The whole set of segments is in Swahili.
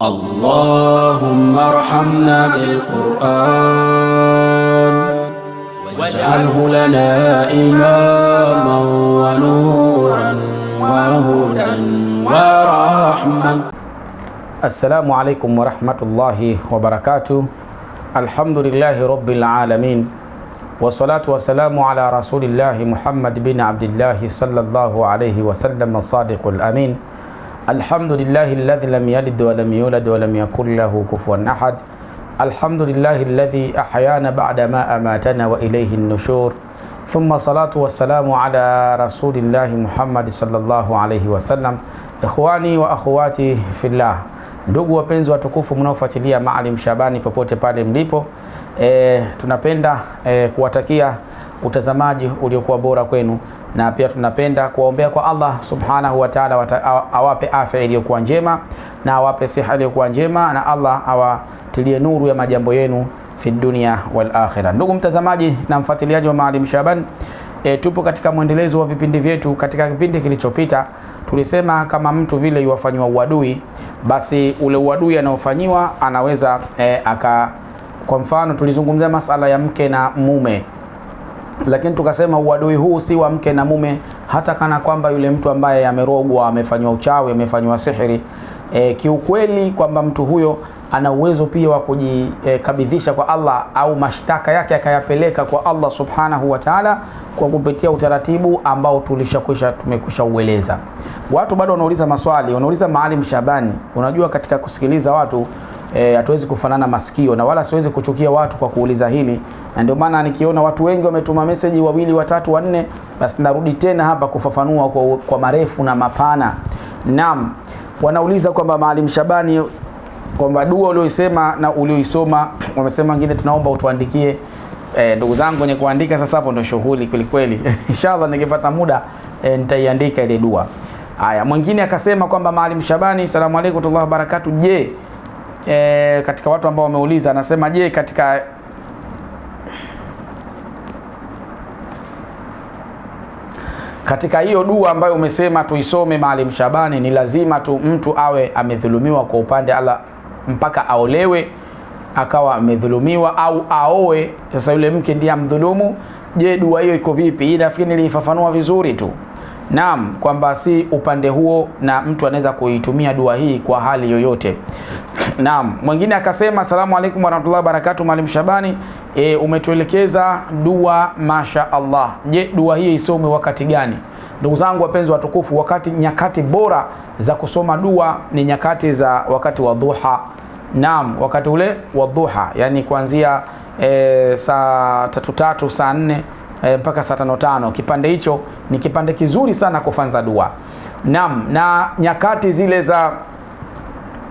اللهم ارحمنا بالقرآن واجعله لنا إماما ونورا وهدى ورحمة السلام عليكم ورحمة الله وبركاته الحمد لله رب العالمين والصلاة والسلام على رسول الله محمد بن عبد الله صلى الله عليه وسلم الصادق الأمين alhamdulillahi alladhi lam yalid wa lam yulad wa lam yakul lahu kufuwan ahad alhamdulillahi alladhi ahyana ba'da ma amatana wa ilayhi an-nushur thumma salatu wassalamu ala rasulillahi Muhammad sallallahu alayhi wasallam. Ikhwani wa akhwati fillah, ndugu wapenzi watukufu mnaofuatilia Maalim Shabani popote pale mlipo, e, tunapenda e, kuwatakia utazamaji uliokuwa bora kwenu na pia tunapenda kuwaombea kwa Allah subhanahu wa ta'ala, awape afya iliyokuwa njema na awape siha iliyokuwa njema, na Allah awatilie nuru ya majambo yenu fi dunia wal akhirah. Ndugu mtazamaji na mfuatiliaji wa Maalim Shaban, e, tupo katika mwendelezo wa vipindi vyetu. Katika kipindi kilichopita tulisema kama mtu vile yuwafanywa uadui, basi ule uadui anaofanyiwa anaweza e, aka, kwa mfano tulizungumzia masala ya mke na mume lakini tukasema uadui huu si wa mke na mume, hata kana kwamba yule mtu ambaye amerogwa, amefanywa uchawi, amefanywa sihiri e, kiukweli kwamba mtu huyo ana uwezo pia wa kujikabidhisha e, kwa Allah au mashtaka yake akayapeleka kwa Allah subhanahu wa ta'ala, kwa kupitia utaratibu ambao tulishakwisha tumekwisha ueleza. Watu bado wanauliza maswali, wanauliza Maalim Shabani, unajua katika kusikiliza watu E, hatuwezi e, kufanana masikio na wala siwezi kuchukia watu kwa kuuliza hili, na ndio maana nikiona watu wengi wametuma message wawili watatu wanne, basi narudi tena hapa kufafanua kwa, kwa marefu na mapana. Naam, wanauliza kwamba Maalim Shabani, kwamba dua ulioisema na ulioisoma, wamesema wengine, tunaomba utuandikie. E, ndugu zangu wenye kuandika sasa, hapo ndio shughuli kwelikweli. Inshallah nikipata muda e, nitaiandika ile dua. Haya, mwingine akasema kwamba Maalim Shabani, salamu alaykum wa rahmatullahi wa barakatuh, je e, katika watu ambao wameuliza anasema, je, katika katika hiyo dua ambayo umesema tuisome Maalim Shabani, ni lazima tu mtu awe amedhulumiwa kwa upande ala mpaka aolewe akawa amedhulumiwa au aoe, sasa yule mke ndiye amdhulumu. Je, dua hiyo iko vipi? Hii nafikiri niliifafanua vizuri tu, naam, kwamba si upande huo, na mtu anaweza kuitumia dua hii kwa hali yoyote. Naam, mwingine akasema asalamu alaykum warahmatullahi wabarakatuh. Mwalimu Shabani e, umetuelekeza dua masha Allah. Je, dua hiyo isome wakati gani? Ndugu zangu wapenzi watukufu, wakati nyakati bora za kusoma dua ni nyakati za wakati wa dhuha. Naam, wakati ule wa dhuha, yani kuanzia e, saa tatu tatu saa nne e, mpaka saa tano tano. Kipande hicho ni kipande kizuri sana kufanza dua. Naam, na nyakati zile za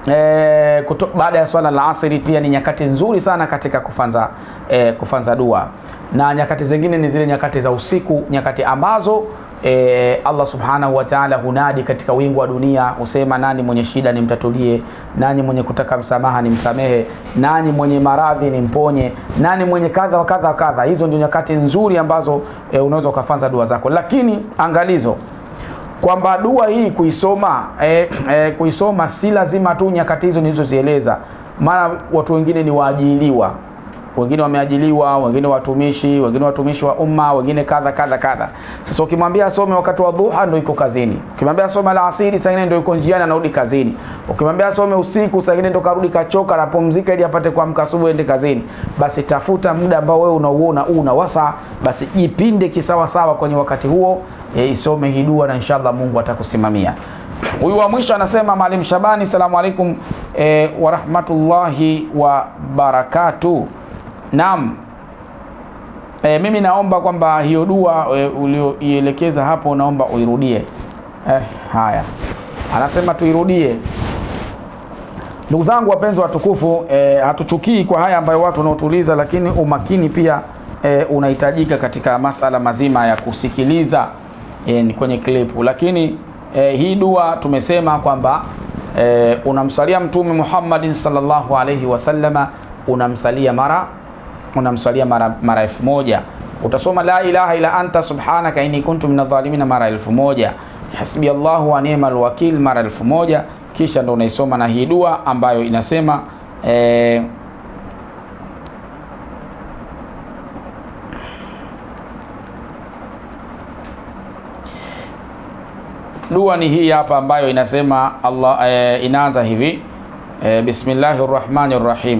E, baada ya swala la asiri pia ni nyakati nzuri sana katika kufanza, eh, kufanza dua, na nyakati zingine ni zile nyakati za usiku, nyakati ambazo e, Allah subhanahu wa ta'ala hunadi katika wingu wa dunia, husema nani mwenye shida nimtatulie, nani mwenye kutaka msamaha nimsamehe, nani mwenye maradhi ni mponye nani mwenye kadha wa kadha wa kadha. Hizo ndio nyakati nzuri ambazo e, unaweza ukafanza dua zako, lakini angalizo kwamba dua hii kuisoma eh, eh, kuisoma si lazima tu nyakati hizo nilizozieleza, maana watu wengine ni waajiliwa wengine wameajiliwa, wengine watumishi, wengine watumishi wa umma, wengine kadha kadha kadha. Sasa ukimwambia asome wakati wa dhuha ndio yuko kazini, ukimwambia asome alasiri saa ingine ndio yuko njiani anarudi kazini, ukimwambia asome usiku saa ingine ndio karudi kachoka anapumzika ili apate kuamka asubuhi aende kazini. Basi tafuta muda ambao wewe unauona na wasa, basi jipinde kisawasawa kwenye wakati huo, e, isome hii dua na inshallah Mungu atakusimamia. Huyu wa mwisho anasema Mwalimu Shabani, salamu alaykum e, wa rahmatullahi wa barakatuh Naam. E, mimi naomba kwamba hiyo dua e, ulioielekeza hapo naomba uirudie. Eh, haya anasema tuirudie. Ndugu zangu wapenzi watukufu, e, hatuchukii kwa haya ambayo watu wanaotuliza, lakini umakini pia e, unahitajika katika masala mazima ya kusikiliza e, ni kwenye klipu. Lakini e, hii dua tumesema kwamba e, unamsalia Mtume Muhammadin sallallahu alaihi wasallama, unamsalia mara unamswalia mara mara elfu moja utasoma la ilaha illa anta subhanaka inni kuntu minadh-dhalimin mara elfu moja hasbi Allahu wa ni'mal wakil mara elfu moja kisha ndo unaisoma na hii dua ambayo inasema eh, dua ni hii hapa ambayo inasema Allah, e, inaanza hivi آه، بسم الله الرحمن الرحيم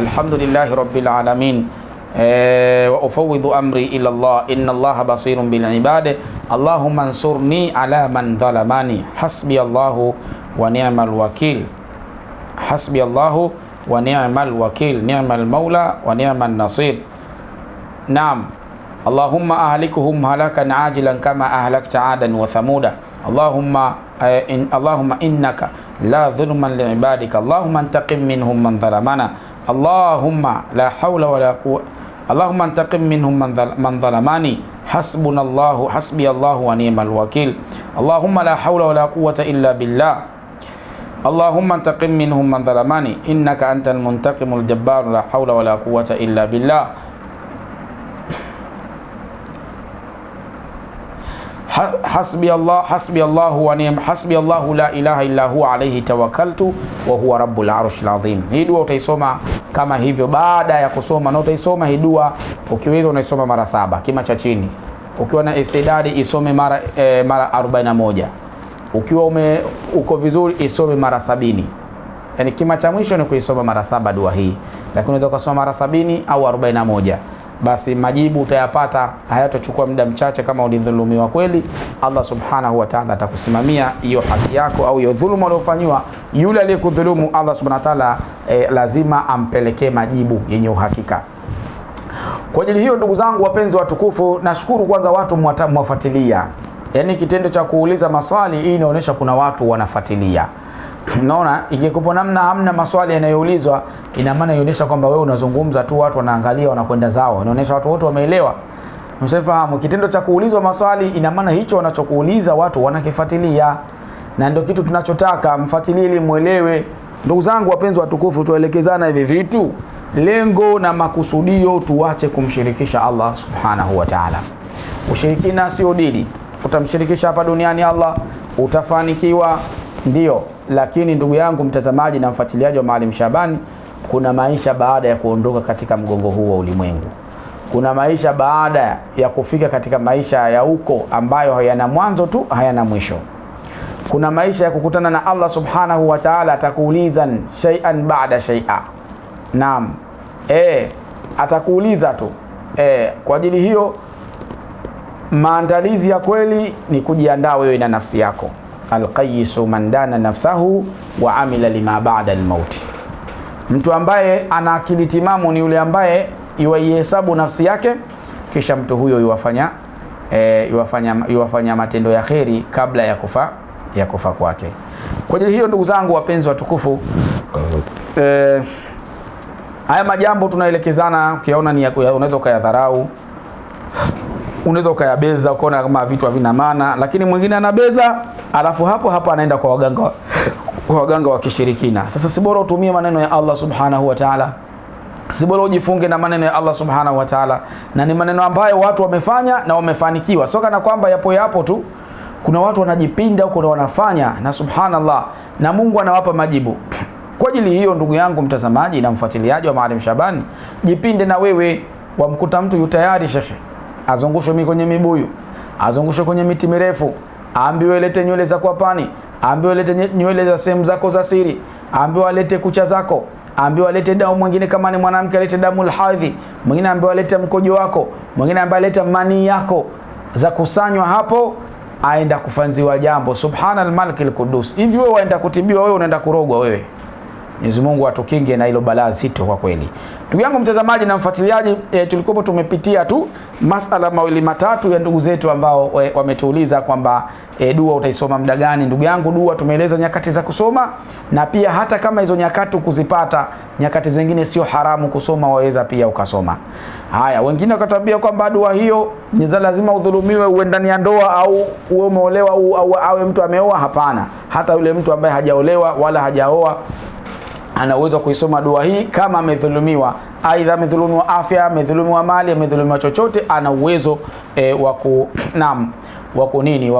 الحمد لله رب العالمين آه، وأفوض أمري إلى الله إن الله بصير بالعباد اللهم انصرني على من ظلمني حسبي الله ونعم الوكيل حسبي الله ونعم الوكيل نعم المولى ونعم النصير نعم اللهم أهلكهم هلاكا عاجلا كما أهلكت عادا وثمودا اللهم آه، إن اللهم إنك لا ظلما لعبادك اللهم انتقم منهم من ظلمنا اللهم لا حول ولا قوة اللهم انتقم منهم من, ظل من ظلماني حسبنا الله حسبي الله ونعم الوكيل اللهم لا حول ولا قوة إلا بالله اللهم انتقم منهم من ظلماني إنك أنت المنتقم الجبار لا حول ولا قوة إلا بالله hasbi Allah hasbi Allah wa ni'ma hasbi Allah la ilaha illa huwa alayhi tawakkaltu wa huwa rabbul arshil azim. Hii dua utaisoma kama hivyo baada ya kusoma, na utaisoma hii dua ukiweza, unaisoma mara saba kima cha chini. Ukiwa na istidadi isome mara e, mara 41. Ukiwa ume uko vizuri isome mara sabini. Yaani kima cha mwisho ni kuisoma mara saba dua hii, lakini unaweza kusoma mara sabini au 41 basi majibu utayapata, hayatochukua muda mchache. Kama ulidhulumiwa kweli, Allah subhanahu wa ta'ala atakusimamia hiyo haki yako au hiyo dhuluma uliofanyiwa. Yule aliyekudhulumu Allah subhanahu wa ta'ala eh, lazima ampelekee majibu yenye uhakika. Kwa ajili hiyo, ndugu zangu wapenzi watukufu, nashukuru kwanza watu mwafuatilia, yaani kitendo cha kuuliza maswali, hii inaonyesha kuna watu wanafuatilia. Unaona, ikikupo namna hamna maswali yanayoulizwa, ina maana inaonyesha kwamba wewe unazungumza tu, watu wanaangalia, wanakwenda zao, inaonyesha watu wote wameelewa. Mshafahamu kitendo cha kuulizwa maswali, ina maana hicho wanachokuuliza watu wanakifuatilia, na ndio kitu tunachotaka, mfuatilie ili muelewe. Ndugu zangu wapenzi watukufu, tuelekezana hivi vitu, lengo na makusudio, tuache kumshirikisha Allah subhanahu wa ta'ala. Ushirikina sio dili, utamshirikisha hapa duniani Allah, utafanikiwa Ndiyo, lakini ndugu yangu mtazamaji na mfuatiliaji wa Maalim Shabani, kuna maisha baada ya kuondoka katika mgongo huu wa ulimwengu. Kuna maisha baada ya kufika katika maisha ya huko ambayo hayana mwanzo tu, hayana mwisho. Kuna maisha ya kukutana na Allah subhanahu wa ta'ala, atakuuliza shay'an ba'da shay'a. Naam, eh, atakuuliza tu e. Kwa ajili hiyo maandalizi ya kweli ni kujiandaa wewe na nafsi yako alqayisu man dana nafsahu wa amila lima baada almauti, mtu ambaye ana akili timamu ni yule ambaye iwaihesabu nafsi yake kisha mtu huyo iwafanya e, iwafanya, iwafanya matendo ya kheri kabla ya kufa ya kufa kwake. Kwa ajili hiyo, ndugu zangu wapenzi watukufu, e, haya majambo tunaelekezana, ukiona ni unaweza ukayadharau unaweza ukayabeza ukaona kama vitu havina maana, lakini mwingine anabeza, alafu hapo hapo anaenda kwa waganga kwa waganga wa kishirikina. Sasa si bora utumie maneno ya Allah subhanahu wa ta'ala, si bora ujifunge na maneno ya Allah subhanahu wa ta'ala, na ni maneno ambayo watu wamefanya na wamefanikiwa, sio kana kwamba yapo yapo tu. Kuna watu wanajipinda huko na wanafanya, na subhanallah, na Mungu anawapa majibu. Kwa ajili hiyo, ndugu yangu mtazamaji na mfuatiliaji wa Maalim Shabani, jipinde na wewe, wamkuta mtu yu tayari shekhe azungushwe kwenye mibuyu, azungushwe kwenye miti mirefu, aambiwe lete nywele za kwapani, aambiwe lete nywele za sehemu zako za siri, aambiwe alete kucha zako, aambiwe alete damu. Mwingine kama ni mwanamke alete damu alhadhi, mwingine ambaye alete mkojo wako, mwingine ambaye alete manii yako za kusanywa hapo aenda kufanziwa jambo. Subhana almalikil qudus. Hivi wewe waenda kutibiwa, wewe unaenda kurogwa wewe. Mwenyezi Mungu atukinge na hilo balaa zito kwa kweli. Ndugu yangu mtazamaji na mfuatiliaji e, eh, tulikopo tumepitia tu masala mawili matatu ya ndugu zetu ambao e, wametuuliza kwamba e, dua utaisoma muda gani? Ndugu yangu, dua tumeeleza nyakati za kusoma, na pia hata kama hizo nyakati ukuzipata, nyakati zingine sio haramu kusoma, waweza pia ukasoma. Haya, wengine wakatambia kwamba dua hiyo ni lazima udhulumiwe, uwe ndani ya ndoa au uwe umeolewa au awe mtu ameoa. Hapana, hata yule mtu ambaye hajaolewa wala hajaoa ana uwezo wa kuisoma dua hii. Kama amedhulumiwa, aidha amedhulumiwa afya, amedhulumiwa mali, amedhulumiwa chochote, ana uwezo e, wa ku naam wa kunini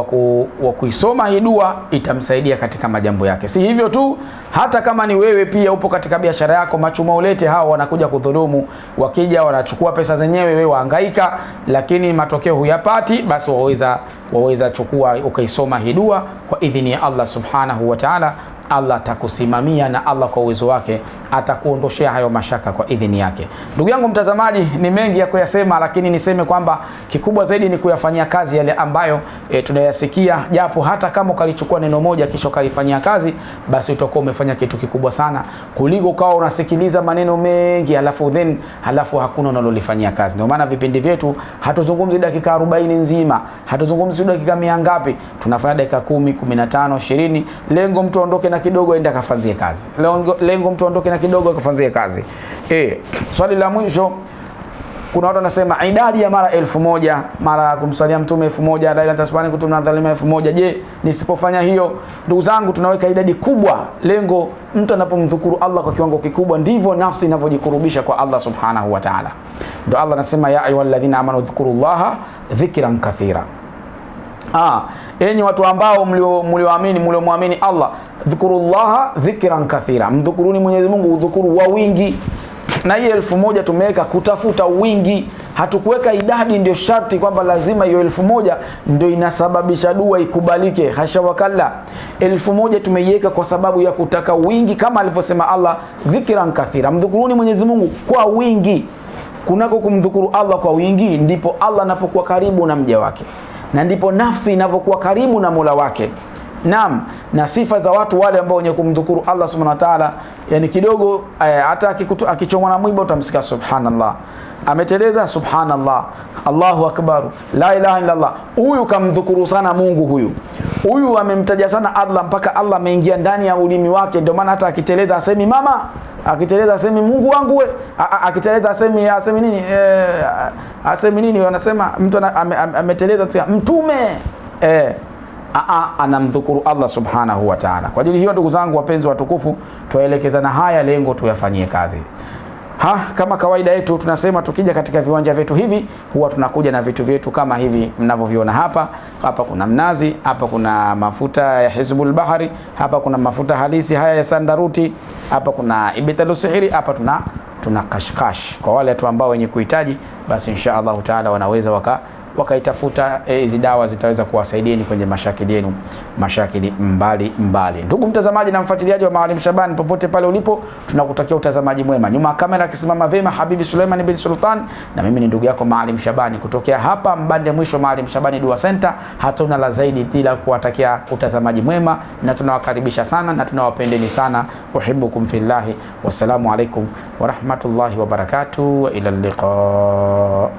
wa kuisoma hii dua itamsaidia katika majambo yake. Si hivyo tu, hata kama ni wewe pia upo katika biashara yako, machuma ulete hao wanakuja kudhulumu, wakija wanachukua pesa zenyewe, wewe wahangaika, lakini matokeo huyapati, basi waweza waweza chukua ukaisoma hii dua kwa idhini ya Allah subhanahu wa ta'ala. Allah atakusimamia na Allah kwa uwezo wake atakuondoshea hayo mashaka kwa idhini yake. Ndugu yangu mtazamaji, ni mengi ya kuyasema, lakini niseme kwamba kikubwa zaidi ni kuyafanyia kazi yale ambayo e, tunayasikia, japo hata kama ukalichukua neno moja kisha ukalifanyia kazi, basi utakuwa umefanya kitu kikubwa sana kuliko ukawa unasikiliza maneno mengi halafu then halafu hakuna unalolifanyia kazi. Ndio maana vipindi vyetu hatuzungumzi dakika 40 nzima, hatuzungumzi dakika mia ngapi, tunafanya dakika 10, 15, 20. Lengo mtu aondoke na kidogo aende akafanzie kazi. Lengo, lengo mtu aondoke na kidogo akafanyia kazi e. Swali la mwisho, kuna watu wanasema idadi ya mara elfu moja mara kumsalia mtume elfu moja dakika tasbani kutuma dhalima elfu moja Je, nisipofanya hiyo? Ndugu zangu, tunaweka idadi kubwa. Lengo mtu anapomdhukuru Allah kwa kiwango kikubwa, ndivyo nafsi inavyojikurubisha kwa Allah subhanahu wa ta'ala. Ndio Allah anasema ya alladhina amanu dhkurullaha dhikran kathira Ah, enyi watu ambao mlioamini mliomwamini Allah, dhukurullaha dhikran kathira, mdhukuruni Mwenyezi Mungu udhukuru wa wingi. Na hii elfu moja tumeweka kutafuta wingi, hatukuweka idadi ndio sharti kwamba lazima hiyo elfu moja ndio inasababisha dua ikubalike. Hashawakalla, elfu moja tumeiweka kwa sababu ya kutaka wingi, kama alivyosema Allah, dhikran kathira, mdhukuruni Mwenyezi Mungu kwa wingi. Kunako kumdhukuru Allah kwa wingi, ndipo Allah anapokuwa karibu na mja wake na ndipo nafsi inavyokuwa karibu na Mola wake. Naam, na sifa za watu wale ambao wenye kumdhukuru Allah subhanahu wa ta'ala, yani kidogo eh, hata akichomwa na mwiba utamsikia subhanallah ameteleza, subhanallah, Allahu akbar, la ilaha illa Allah. Huyu kamdhukuru sana Mungu huyu huyu amemtaja sana Allah mpaka Allah ameingia ndani ya ulimi wake. Ndio maana hata akiteleza asemi mama, akiteleza asemi Mungu wangu we, akiteleza asemi asemi nini e, asemi nini wanasema mtu ame, ameteleza tia mtume e, a, a, anamdhukuru Allah subhanahu wa ta'ala. Kwa ajili hiyo, ndugu zangu wapenzi watukufu, tuwaelekezana haya, lengo tuyafanyie kazi. Ha, kama kawaida yetu tunasema tukija katika viwanja vyetu hivi huwa tunakuja na vitu vyetu kama hivi mnavyoviona hapa. Hapa kuna mnazi, hapa kuna mafuta ya Hizbul Bahari, hapa kuna mafuta halisi haya ya sandaruti, hapa kuna ibitalu sihiri, hapa tuna tuna kashkash. Kwa wale watu ambao wenye kuhitaji, basi insha Allahu taala wanaweza waka wakaitafuta eh, hizi e, dawa zitaweza kuwasaidieni kwenye mashakili yenu, mashakili mbali mbali. Ndugu mtazamaji na mfuatiliaji wa Maalim Shabani, popote pale ulipo, tunakutakia utazamaji mwema. Nyuma ya kamera akisimama vema Habibi Suleiman bin Sultan, na mimi ni ndugu yako Maalim Shabani kutokea hapa Mbande Mwisho, Maalim Shabani Dua Center. Hatuna la zaidi ila kuwatakia utazamaji mwema, na tunawakaribisha sana na tunawapendeni sana. Uhibbukum fillahi, wassalamu alaikum warahmatullahi wabarakatuh, wa ila liqa